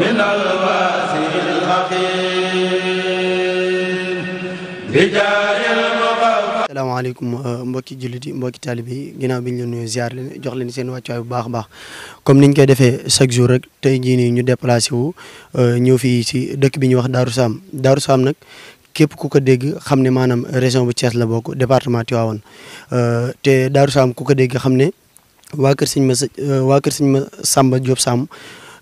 من الواسع الخفيف بجاه المغفر salaamaaleykum mbokki jullit yi mbokki taalibe yi ginnaaw bi ñu leen nuyu ziar leen jox leen seen wàccuwaay bu baax baax comme niñ koy defee chaque jour rek tey jii ñu déplacé wu euh, ñëw fii si dëkk bi ñuy wax Darou Sam daaru Sam nag képp ku ko dégg xam ne maanaam région bu Thiès la bok département Tivaouane euh, te Darou Sam ku ko dégg xam ne waa kër sëñ ma ma Samba Diop Sam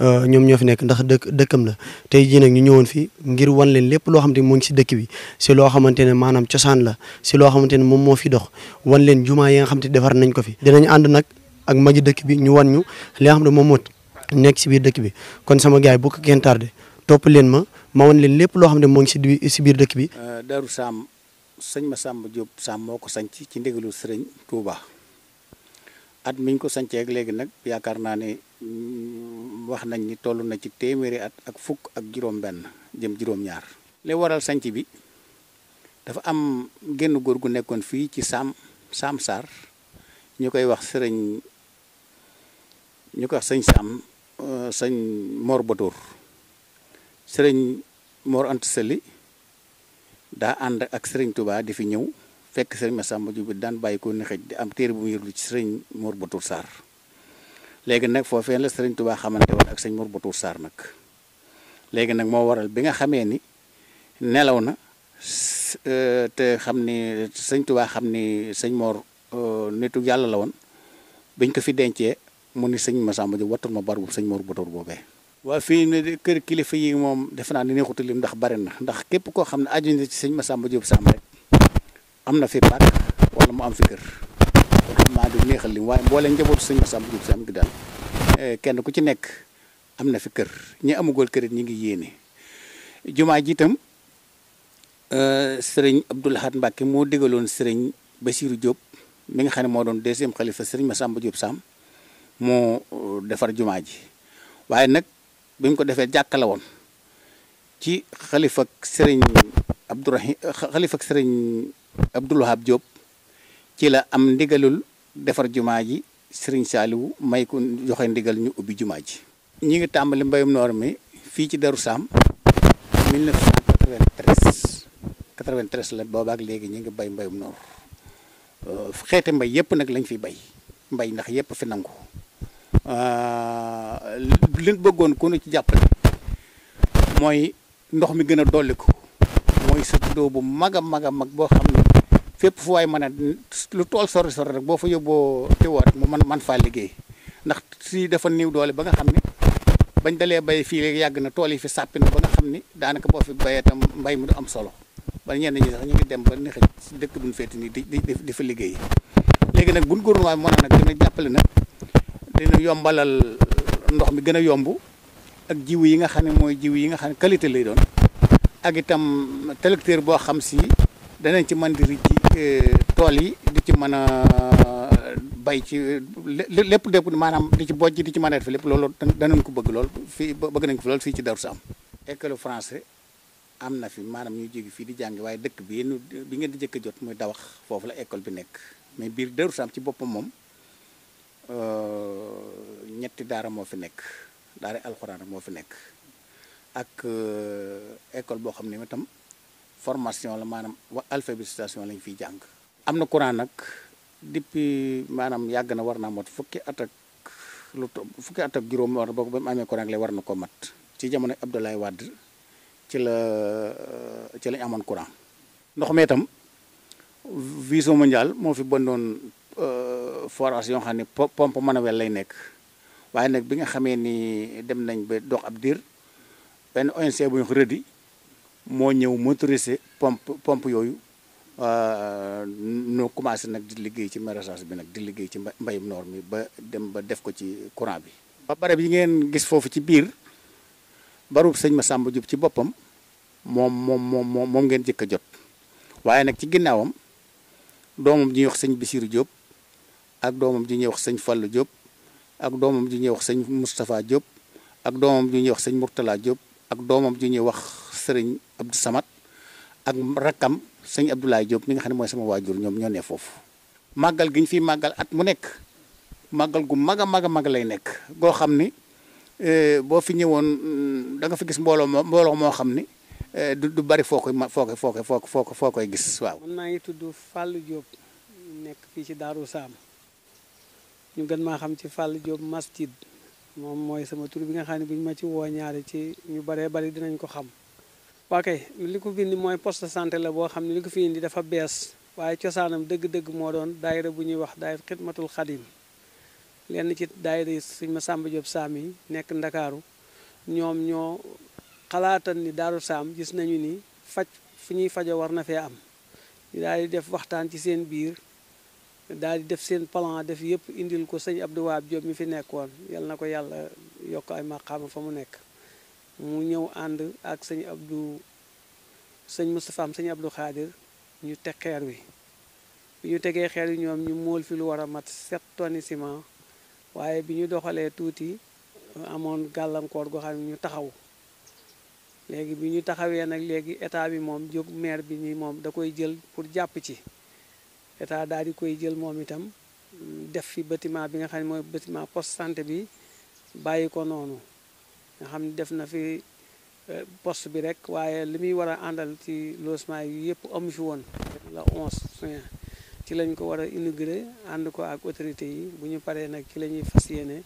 Euh, ñoom ñoo fi nekk ndax dëkk dëkkam la tey jii nag ñu ñëwoon fi ngir wan leen lépp loo xamante di moo ngi si dëkk bi si loo xamante ne maanaam cosaan la si loo xamante ne moom moo fi dox wan leen jumaa yi nga xamante ne defar nañ ko fi dinañ ànd nag ak magi dëkk bi ñu wan ñu li xam ne moom moot nekk si biir dëkk bi kon sama gars yi bu ko kenn topp leen ma ma wan leen lépp loo xam ne moo ngi si si biir dëkk bi euh, Daaru Saam sëñ Massamba Diop Saam moo ko sanc ci ndigalu sëriñ Touba at miñ ko sancee léegi nag yaakaar naa ne Mm, wax nañ ni toll na ci téeméeri at ak fukk ak juróom-benn jëm juróom-ñaar li waral sanc bi dafa am génn góor gu nekkoon fii ci saam saam Sarr ñu koy wax sëriñ ñu koy wax sëñ saam euh, sëñ Mor Batoor sëriñ Mor Anta Sali daa ànd ak sëriñ Touba di fi ñëw fekk sëriñ Massamba Diop bi daan bàyyi ko ni di am téere bu mu yërlu ci sëriñ Mor Batoor Sarr léegi nag foofee la sëriñ tubaa xamante woon ak sëñ Mor Boutour saar nag léegi nag moo waral bi nga xamee ni nelaw na euh, te xam ni sëñ Tuubaa xam ni sëñ Mor euh, nitu yàlla la woon biñ ko fi dencee mu ni sëñ Massamba Diop wattul ma bar bu sëñ Mor Boutour boobee. waa fii ne kër kilifa yi moom defe naa ne neexutu lim ndax bari na ndax képp koo xam ne aju na ci sëñ Massamba Diop Samb rek am na fi pàkk wala mu am fi kër. maa du neexal lim waaye mbooleem njabootu sëñ Masamba Jóob si am gi daal eh, kenn ku ci nekk am na fi kër ñi amugol kër it ñi ngi yéene jumaa ji itam eh, sëriñ Abdul Ahad Mbàkke moo digaloon sëriñ Basiiru Jóob mi nga xam ne moo doon deuxième xalifa sëriñ Masamba Jóob Sam mu eh, defar jumaa ji waaye nag bi mu ko defee jàkkale woon ci xalifa ak sëriñ Abdourahim xalifa Jóob ci la am ndigalul defar jumaa ji Serigne Saliou may ko joxe ndigal ñu ubbi jumaa ji. ñu ngi tàmbali mbayum noor mi fii ci daru Sam 1993 93 la boobaak léegi ñu ngi bay mbayum noor euh, xeeti mbay yëpp nag lañ fi bay mbay ndax yëpp fi nangu euh, liñ bëggoon ku ci jàppale mooy ndox mi gën a dolli ko mooy sa doo bu mag a mag a mag boo xam ne. fépp fu waay mën a lu tool sori sori rek boo fa yóbboo tiwoo rek mu man faa liggéey ndax si dafa néew doole ba nga xam ne bañ dalee bay fii rek yàgg na tool yi fi sàppi na ba nga xam ni daanaka boo fi bayee tam mbay mi du am solo ba ñenn ñi sax ñu ngi dem ba ne xëy dëkk buñ féeti nii di di di fa liggéey léegi nag buñ gouvernement bi mën na nag jàppale nag dina yombalal ndox mi gën a yomb ak jiw yi nga xam ne mooy jiw yi nga xam ne qualité lay doon ak itam tracteur boo xam si danañ ci mën di Eh, tool yi di ci mën a eh, bay ci lépp lépp maanaam di ci bojj di ci mën a def lépp loolu danañ ko bëgg lool fii bëgg nañ ko fi lool fii ci Darou Sam école francais am na fi maanaam ñuy jóge fii di jàngi waaye dëkk bi bi ngeen di jëkk a jot muy dawax foofu la école bi nekk mais biir Darou Sam ci boppam moom euh, ñetti daara moo fi nekk daara alxuraan moo fi nekk ak euh, école boo xam ne itam formation la maanaam wa alphabétisation lañ fiy jàng. am na courant nag depuis maanaam yàgg na war naa mot fukki at ak lu fukki at ak juróom war ba mu amee courant lay war na ko mat ci jamono Abdoulaye Wade ci la euh, ci lañ amoon courant ndox mi itam vision mondiale moo fi bëndoon euh, forage yoo xam ne pompe manuel lay nekk waaye nag bi nga xamee ni dem nañ ba dox ab diir benn ONC bu ñu moo ñëw montrisé pompe pompe yooyu euh, ñu commencé nag di liggéey ci maraîchage bi nag di liggéey ci mbayum noor mi ba dem ba def ko ci courant bi. ba barab yi ngeen gis foofu ci biir barub sëñ ma Massamba Diop ci boppam moom moom moom moom ngeen jëkk a jot waaye nag ci ginnaawam doomam ji ñuy wax sëñ Bissirou Diop ak doomam ji ñuy wax sëñ Fallou Diop ak doomam ji ñuy wax sëñ Moustapha Diop ak doomam ji ñuy wax sëñ Mourtala Diop ak doomam ji ñuy wax. sëriñ Abdou Samad ak rakkam sëñ Abdoulaye Diop mi nga xam ne mooy sama waajur ñoom ñoo ne foofu. màggal gi ñu fiy màggal at mu nekk màggal gu mag a mag a mag lay nekk goo xam ni e, boo fi ñëwoon mm, da nga fa gis mbooloo moo mbooloo moo xam ni e, du du bari foo koy foo koy foo koy foo koy foo koy gis waaw. man maa ngi tudd Fallou Diop nekk fii ci Darou Sam ñu gën maa xam ci Fallou Diop masjid moom mooy sama tur bi nga xam ne bu ñu ma ci woo ñaari ci ñu baree bari dinañ ko xam. waa kay li ko bind mooy poste de santé la boo xam ne li ko fi indi dafa bees waaye cosaanam dëgg-dëgg moo doon dayre bu ñuy wax daayira xidmatul xadim lenn ci daayira yi suñ ma Sàmba Jóob Saam nekk ndakaaru ñoom ñoo xalaatan ni Daaru Saam gis nañu ni faj fi ñuy fajo war na fee am ñu daal di def waxtaan ci seen biir daal di def seen plan def yëpp indil ko sëñ Abdou Wahab Jóob mi fi nekkoon yal na ko yàlla yokk ay maqaama fa mu nekk mu ñëw ànd ak sëñ Abdou sëñ Moustapha am sëñ Abdou Khadir ñu teg xeer wi bi ñu tegee xeer wi ñoom ñu mool fi lu war a mat sept tonnes ciment waaye bi ñu doxalee tuuti amoon gàllankoor goo ñu taxaw léegi bi ñu taxawee nag léegi état bi moom jóg maire bi nii moom da koy jël pour jàpp ci état daal di koy jël moom itam def fi batiment bi nga xam ne mooy batiment post santé bi bàyyi ko noonu nga xam ne def na fi euh, post bi rek waaye li muy war a àndal ci logement yi yëpp amu fi woon la 11 juin ci lañ ko war a inauguré ànd ko ak autorité yi bu ñu paree nag ci la ñuy fas yéene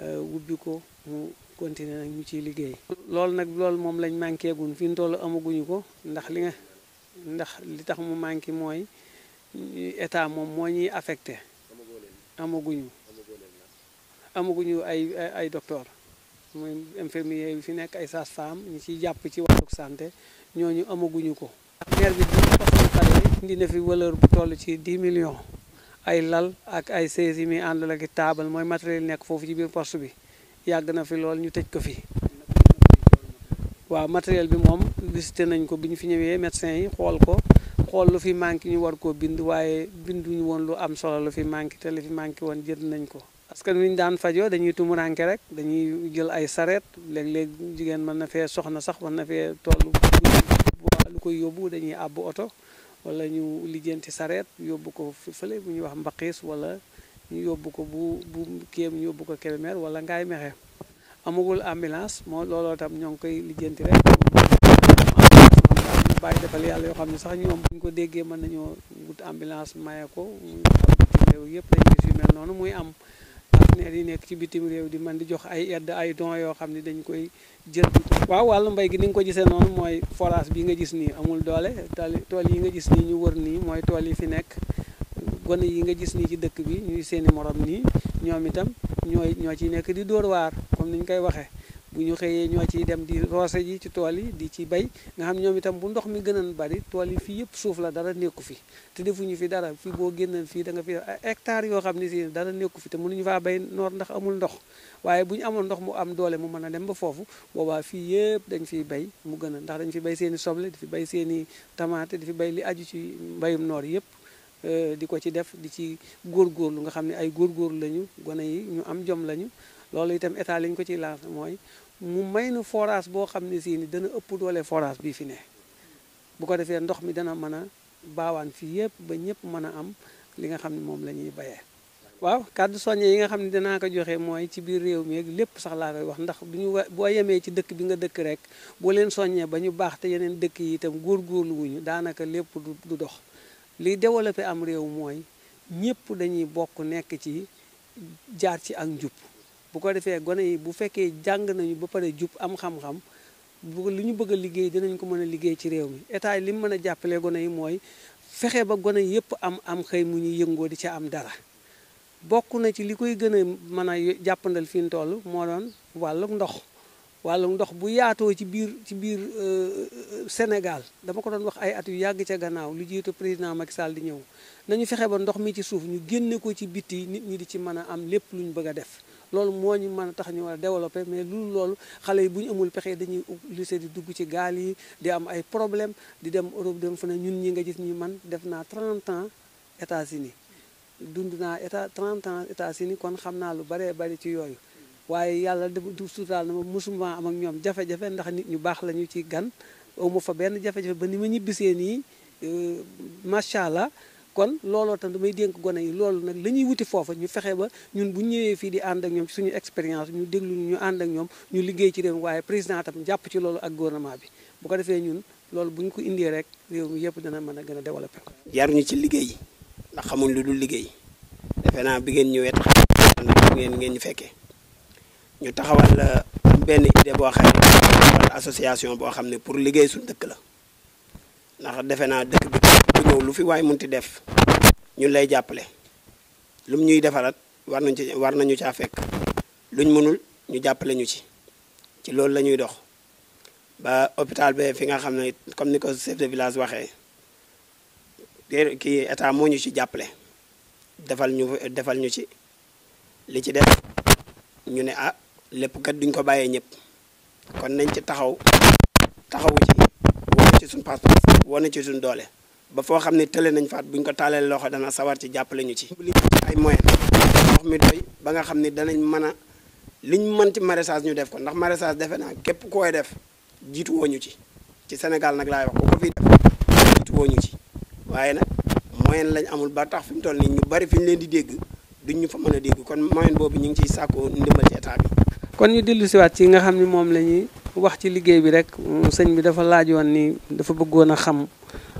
euh, wubbi ko mu continuer nag ñu ciy liggéey loolu nag loolu moom lañ manqué gun fi ñu toll amaguñu ko ndax li nga ndax li tax mu manqué mooy état moom moo ñuy affecté amaguñu amaguñu ay ay docteur mooy infirmier bi fi nekk ay sas femme ñi ciy jàpp ci wàlluk santé ñooñu amaguñu ko maire bi diñu paxankale indi na fi valeur toll ci 10 millions ay lal ak ay seize yi muy àndal ak taabal mooy matériel nekk foofu ci biir poste bi yàgg na fi lool ñu tëj ko fi waaw matériel bi moom visité nañ ko bi ñu fi ñëwee médecin yi xool ko xool lu fi manqué ñu war koo bind waaye binduñu woon lu am solo lu fi manqué te lu fi manqué woon jën nañ ko parce que ñu daan fajoo dañuy tumuranke rek dañuy jël ay sareet léeg-léeg jigéen mën na fee soxna sax mën na fee toll lu koy yóbbu dañuy àbb oto wala ñu lijjanti sareet yóbbu ko fële bu ñuy wax mbaqiis wala ñu yóbbu ko bu bu kéem yóbbu ko Kébémer wala ngaay mexe amagul ambulance moo looloo tam ñoo ngi koy lijjanti rek bàyyi defal yàlla yoo xam ne sax ñoom buñ ko déggee mën nañoo wut ambulance maye ko réew yëpp lañ gis yu noonu muy am yi nekk ci bitim réew di man di jox ay aide ay dons yoo xam ne dañ koy jël waaw wàllu mbay gi ni nga ko gisee noonu mooy forage bi nga gis nii amul doole tool yi nga gis nii ñu wër nii mooy tool yi fi nekk gone yi nga gis nii ci dëkk bi ñuy seeni moroom nii ñoom itam ñooy ñoo ciy nekk di dóor waar comme ni ñu koy waxee bu ñu xëyee ñoo ciy dem di roose ji ci tool yi di ci bay nga xam ñoom itam bu ndox mi gën a bari tool yi fii yëpp suuf la dara nekku fi te defuñu fi dara fii boo génnan fii da fi hectare yoo xam ne si dara nekku fi te mënuñu faa bay noor ndax amul ndox waaye bu ñu amoon ndox mu am doole mu mën a dem ba foofu boobaa fii yëpp dañ fiy bay mu gën a ndax dañ fi bay seeni soble di fi bay seeni tamaate di fi bay li aju ci mbayum noor yëpp euh, di ko ci def di ci góor góorgóorlu nga xam ne ay góor góorgóorlu lañu gone yi ñu am jom lañu loolu itam état lañ ko ciy laal mooy mu may nu forage boo xam ne si dana ëpp doole forage bi fi ne bu ko defee ndox mi dana mën a baawaan fii yëpp ba ñëpp mën a am li nga xam ne moom la ñuy bayee waaw kàddu soññe yi nga xam ne danaa ko joxe mooy ci biir réew mi ak sax laa koy wax ndax duñu boo yemee ci dëkk bi nga dëkk rek boo leen soññee ba ñu baax te yeneen dëkk yi itam góorgóorlu wuñu daanaka lépp du dox li développé am réew mooy ñëpp dañuy bokk nekk ci jaar ci ak njub bu ko defee gone yi bu fekkee jàng nañu ba pare jub am xam-xam bu li ñu bëgg a liggéey dinañ ko mën a liggéey ci réew mi état yi li mën a jàppalee gone yi mooy fexe ba gone yëpp am am xëy mu ñuy yëngoo di ca am dara bokk na ci li koy gën a mën a jàppandal fi mu toll moo doon wàllum ndox wàllum ndox bu yaatoo ci biir ci biir euh, euh, Sénégal dama ko doon wax ay at yu yàgg ca gannaaw lu jiitu président Macky Sall di ñëw nañu fexe ba ndox mi ci suuf ñu génne ko ci biti nit ñi di ci mën a am lépp lu ñu bëgg a def loolu moo ñu mën a tax ñu war a développer mais loolu loolu xale yi bu ñu amul pexe dañuy lycée di dugg ci gaal yi di am ay problème di dem Europe dem fa ne ñun ñi nga gis ñu man def naa 30 ans États-Unis dund naa état 30 ans États-Unis kon xam naa lu baree bari ci yooyu waaye yàlla du suutaal na ma mosuma am ak ñoom jafe-jafe ndax nit ñu baax lañu ci gan aw ma fa benn jafe-jafe ba ni ma ñibbisee nii euh, macha allah kon looloo tam damay dénk gone yi loolu nag la ñuy wuti foofa ñu fexe ba ñun bu ñëwee fii di ànd ak ñoom suñu expérience ñu déglu ñu ànd ak ñoom ñu liggéey ci réew waaye président tam jàpp ci loolu ak gouvernement bi bu ko defee ñun loolu bu ko indee rek réew mi yëpp dana mën a gën a développé. yaruñu ci liggéey ndax xamuñ lu dul liggéey defe naa bi ngeen ñëwee taxawal ndax ngeen ñu fekkee ñu taxawal euh, benn idée boo xam ne association boo xam ne pour liggéey suñ dëkk la ndax defe naa dëkk lu fi waay munti def ñu lay jàppale lum ñuy defaraat war nañ ci war nañu caa fekk luñ mënul ñu jàppale ñu ci ci loolu la ñuy dox ba hôpital ba fi nga xam ne comme ni ko chef de village waxee kii état moo ñu ci jàppale defal ñu defal ñu ci li ci def ñu ne ah lépp kat duñ ko bàyyee ñëpp kon nañ ci taxaw taxawu ci wone ci suñ pas-pas wone ci suñ doole ba foo xam ne tële nañ faat buñ ko taalee loxo dana sawar ci jàpp ñu ci. li ay moyens ndox mi doy ba nga xam ni danañ mën a liñ mën ci maraîchage ñu def ko ndax maraîchage defe naa képp koy def jiitu woo ñu ci ci Sénégal nag laay wax ko ko fi def jiitu woo ñu ci waaye nag moyen lañ amul ba tax fi mu toll nii ñu bari fi ñu leen di dégg duñ ñu fa mën a dégg kon moyen boobu ñu ngi ciy sàkkoo ndimbal ci état bi. kon ñu dellu siwaat ci nga xam ne moom la ñuy wax ci liggéey bi rek sëñ bi dafa laajoon ni dafa bëggoon a xam.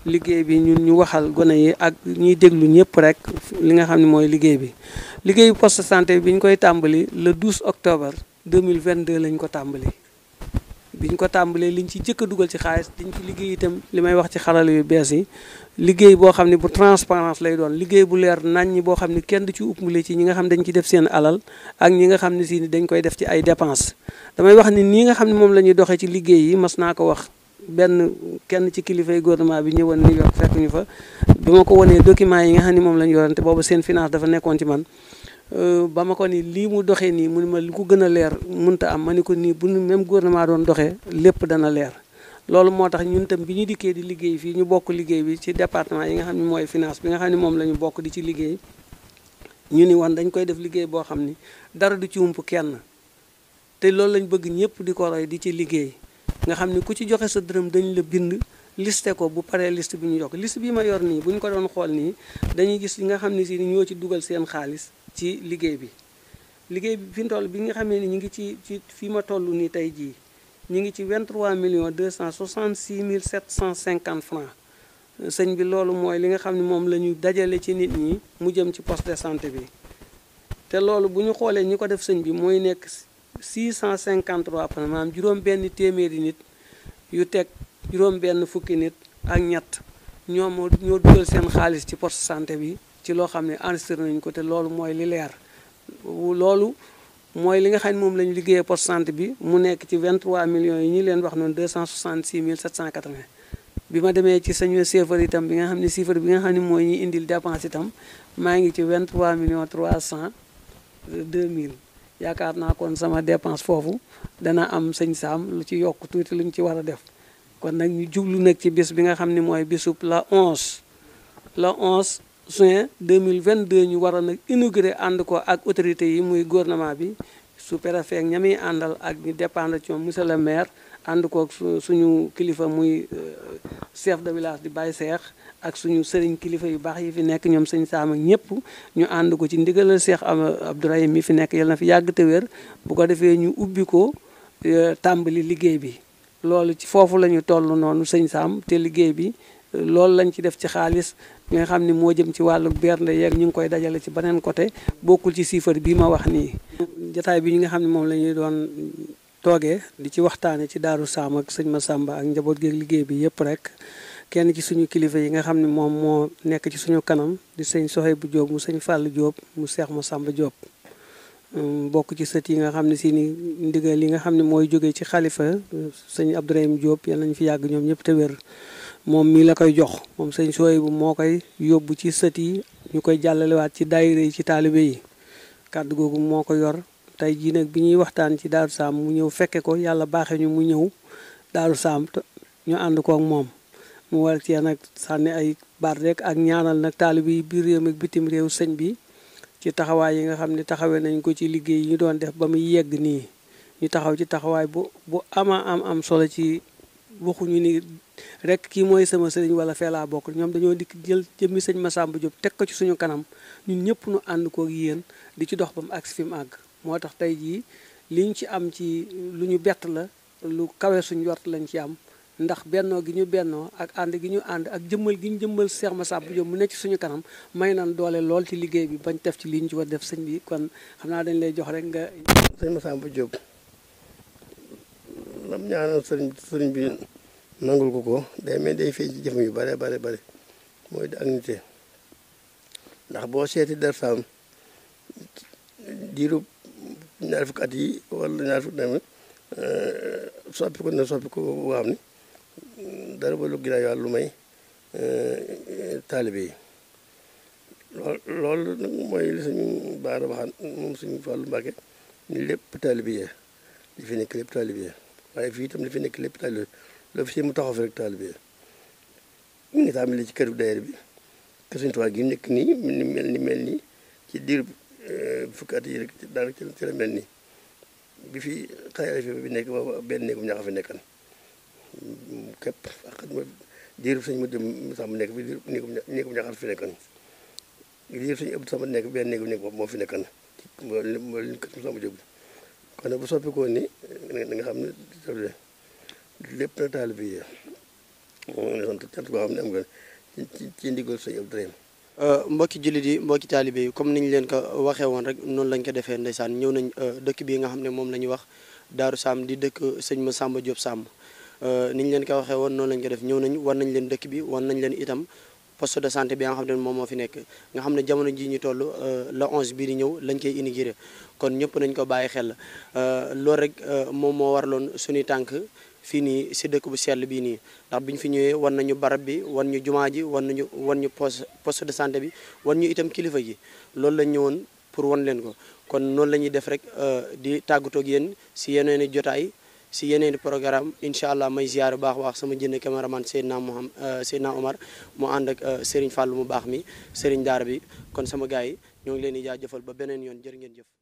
liggéey bi ñun ñu waxal gone yi ak ñuy déglu ñëpp rek li nga xam ne mooy liggéey bi liggéey poste santé bi ñu koy tàmbali le 12 octobre 2022 lañ ko tàmbali. biñ ko tàmbalee liñ ci jëkk dugal ci xaalis diñ ci liggéey itam li may wax ci xalal yu bees yi liggéey boo xam ne bu transparence lay doon liggéey bu leer naññ boo xam ne kenn du ci uppmule ci ñi nga xam dañ ci def seen alal ak ñi nga xam ne si dañ koy def ci ay dépense damay wax ni nii nga xam ne moom la ñuy doxee ci liggéey yi naa ko wax benn kenn ci kilifay gouvernement bi ñëwoon New York fekk fa bi ma ko wanee document yi nga xam ni moom la ñu yorante boobu seen finance dafa nekkoon ci man euh, ba ma ko ni lii mu doxee nii mu ne ma lu ko gën a leer munta am ma ni ko nii bu même gouvernement doon doxee lépp dana leer loolu moo tax ñun tam bi ñu dikkee di liggéey fii ñu bokk liggéey bi ci département yi nga xam ne mooy finance bi nga xam ne moom lañu bokk di ci liggéey ñu ni woon dañ koy def liggéey boo xam ni dara du ci ump kenn te loolu lañ bëgg ñëpp di ko di ci liggéey nga xam ne ku ci joxe sa dërëm dañ la bind liste ko bu paree liste bi ñu yokk liste bi ma yor nii bu ñu ko doon xool nii dañuy gis li nga xam ne si ñoo ci dugal seen xaalis ci liggéey bi liggéey bi fi toll bi nga xamee ni ñu ngi ci ci fi ma toll nii tey jii ñu ngi ci 23 millions 266 mille cent 750 francs sëñ bi loolu mooy li nga xam ne moom la dajale ci nit ñi mu jëm ci poste de santé bi te loolu bu ñu xoolee ñi ko def sëñ bi mooy nekk 653 personnes maanaam juróom-benn téeméeri nit yu teg juróom-benn fukki nit ak ñett ñoom ñoo dugal seen xaalis ci poste santé bi ci loo xam ne enregistré nañ ko te loolu mooy li leer loolu mooy li nga xam ne moom la ñu liggéeyee poste bi mu nekk ci 23 millions yi ñu leen wax noonu 266 mille 780 bi ma demee ci sañu chiffre tam bi nga xam ne chiffre bi nga xam ni mooy ñu indil dépense itam maa ngi ci 23 millions 302 mille yaakaar naa kon sama dépense foofu dana am sëñ saam lu ci yokk tuuti lu luñ ci war a def kon nag ñu jublu nag ci bis bi nga xam ni mooy bisub la 11 la deux mille vingt deux ñu war nag inauguré ànd ko ak autorité yi muy gouvernement bi sous-préfet ña muy àndal ak ñu dépendre ci moom monsieur le maire ànd koog suñu kilifa muy euh, chef de village di Baye Cheikh ak suñu sëriñ kilifa yu baax yi fi nekk ñoom sëñ Saam ak ñëpp ñu ànd ko ci ndigalal Cheikh Abdourahim mi fi nekk yal na fi yàgg te wér bu ko defee ñu ubbi ko euh, tàmbali liggéey bi loolu ci foofu la ñu toll noonu sëñ Saam te liggéey bi euh, loolu lañ ci def ci xaalis mi nga xam ne moo jëm ci wàllu bernde yeeg ñu ngi koy dajale ci beneen côté bokkul ci chiffre bii ma wax nii. jataay bi ñi nga xam ne moom la ñuy doon. toogee di ci waxtaane ci Daaru sàmm ak sëñ ma sàmba ak njaboot gi liggéey bi yëpp rek kenn ci suñu kilifa yi nga xam ne moom moo nekk ci suñu kanam di sëñ soxe bu Jóob mu sëñ Fàll joob mu Seex Masamba Jóob um, bokk ci sët yi nga xam ne si ni ndigal yi nga xam ne mooy jóge ci xalifa uh, sëñ Abdourahim Jóob yal nañ fi yàgg ñoom ñëpp te moom mii la koy jox moom sëñ soxe bu moo koy yóbbu ci sët yi ñu koy jàllalewaat ci daayira yi ci taalibe yi kàddu googu moo ko yor tey jii nag bi ñuy waxtaan ci Daaru Saam mu ñëw fekke ko yàlla baaxe ñu mu ñëw Daaru Saam ñu ànd ko ak moom mu war cee nag sànni ay baat rek ak ñaanal nag taalibe yi biir réew mi bitim réew sëñ bi ci taxawaay yi nga xam ne taxawee nañ ko ci liggéey ñu doon def ba muy yegg nii ñu taxaw ci taxawaay bu bu ama am am solo ci waxuñu ni rek kii mooy sama sëriñ wala fee bokk ñoom dañoo dikk jël jëmmi sëñ Massamba Diop teg ko ci suñu kanam ñun ñëpp ñu ànd koog yéen di ci dox ba mu agsi fi mu àgg moo tax tey jii li ñu ci am ci lu ñu bett la lu kawe suñu wart lañ ci am ndax bennoo gi ñu bennoo ak ànd gi ñu ànd ak jëmmal gi ñu jëmmal Cheikh bu Diop mu nekk suñu kanam may na doole lool ci liggéey bi bañ def ci li ñu ci war def sëñ bi kon xam naa dañ lay jox rek nga. sëñ Massamba Diop lam ñaanal sëriñ sëriñ bi nangul ko ko day mel day feeñ ci jëfam yu bare bare bare mooy ak nite ndax boo seeti dersaam diirub ñaari fukki at yi wala ñaari fukki at yi euh, soppi ko ko boo ni mm, dara ba lu ginnaaw yàlla lu may euh, taalibe yi loolu nag mooy li suñu baara waxaan moom suñu Fàllu Mbàkke ni lépp taalibe li fi nekk lépp taalibe yi waaye fii tam li fi nekk lépp taalibe loo fi si mu taxaw fi rek taalibe yi ñu ngi tàmbali ci kër daayira bi ke suñu tuwaa gi nekk nii ni mel ni mel nii ci diir Euh, fukki at yi rek daanaka ci bi fi xale fi bi nekk boobu benn néegum ñax a fi nekkan képp ak xajma diirub sëñ ma jëm sàmm nekk fi diirub néegum ñax néegum ñax fi nekkan diirub sëñ Abdou Samba nekk benn néegum nekk moo fi nekkan moo leen kër sàmm kon nag bu soppikoo ni da nga xam ne lépp nag taalibe yi moo ngi sant cant koo xam ne am nga ci ci ndigal sëñ Abdou Rahim Euh, mbokki jullit yi mbokki taalibe yi comme niñ leen ko waxee woon rek noonu lañ ko defee ndeysaan ñëw nañ euh, dëkk bii nga xam ne moom la ñuy wax Daaru Sàmm di dëkk sëñ ma Sàmba Jóob Sàmm euh, niñ leen ko waxee woon noonu lañ ko def ñëw nañ war nañ leen dëkk bi war nañ leen itam poste de santé bi nga xam ne moom moo fi nekk nga xam ne jamono ji ñu toll la 11 bii di ñëw lañ koy inauguré kon ñëpp nañ ko bàyyi xel loolu rek moom moo waraloon suñuy tànk fii nii si dëkk bu sell bii nii ndax biñ fi ñëwee wan nañu barab bi wan ñu jumaa ji wan nañu wan ñu poste poste de santé bi wan ñu itam kilifa gi loolu lañ woon pour wan leen ko kon noonu la ñuy def rek euh, di tàggatoog yéen si yeneen i jotaay si yeneen i programme incha allah may ziar bu baax waax sama jënd caméraman Seydina Mouhamad euh, Seydina Omar mu ànd ak euh, Serigne Fallou mu baax mi Serigne Daara bi kon sama gars yi ñoo ngi leen di jaajëfal ba beneen yoon jërë ngeen jëf